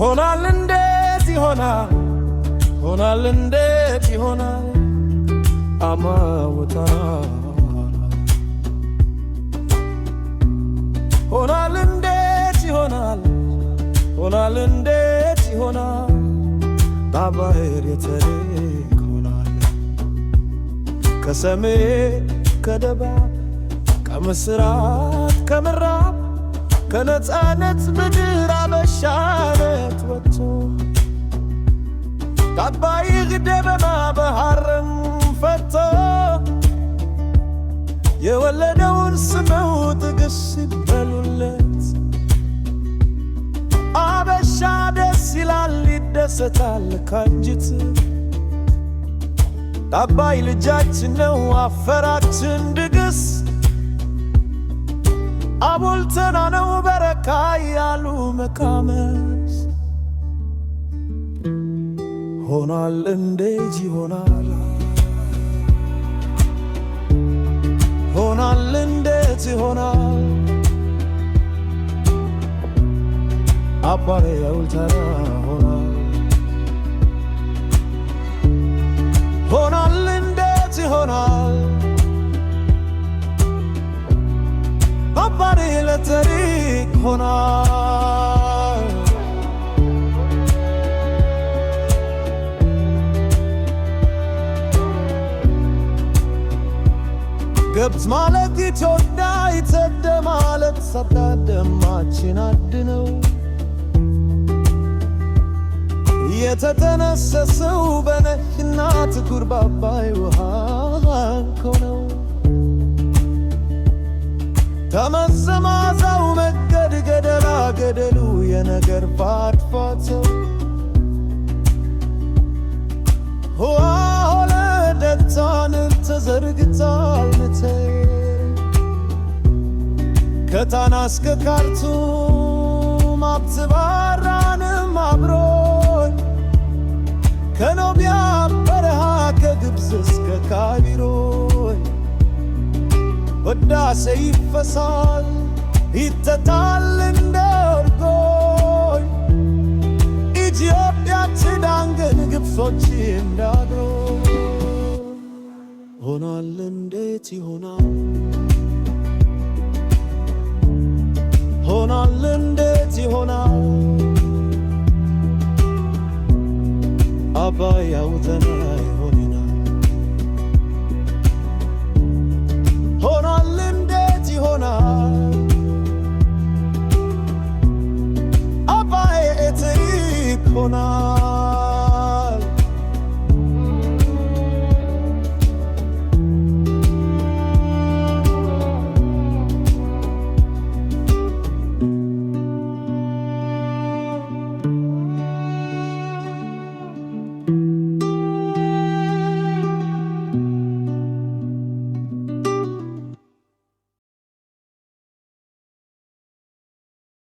ሆናል እንዴት ይሆናል ሆናል እንዴት ይሆናል አማወታ ሆናል እንዴት ይሆናል ሆናል እንዴት ይሆናል ባባህር የተሬክ ሆናል ከሰሜ ከደባ ከምስራት ከምራ ከነፃነት ምድር አበሻነት ወጥቶ ከአባይህ ደመና ባህርን ፈቶ የወለደውን ስመው ጥግስ ይበሉለት አበሻ ደስ ይላል ይደሰታል ካንጅት አባይ ልጃችን ነው አፈራችን ድግስ አቦልተና ካያሉ መቃመስ ሆኗል እንዴት ይሆናል? ሆኗል እንዴት ይሆናል? አባሬ የውልተራ ሆኗል ሆና ግብፅ ማለት ኢትዮጵያ ኢተደ ማለት ሰዳ ደማችን አድነው የተተነሰሰው በነጭና ጥቁር ባባይ ውሃ አንኮ ነው ተመዘማዛው ገደሉ የነገር ባድፋት ውሃ ሆነ ደርታን ተዘርግታ ከታና እስከ ካርቱም አትባራንም አብሮኝ ከኖቢያ በረሃ ከግብፅ እስከ ካቢሮይ ወዳሴ ይፈሳል ይተታልን በጎች እንዳድሮ ሆኗል። እንዴት ይሆናል? ሆኗል። እንዴት ይሆናል? አባይ ያውጠን ይሆን ሆኗል። እንዴት ይሆናል? አባይ ኤትሪክ ሆናል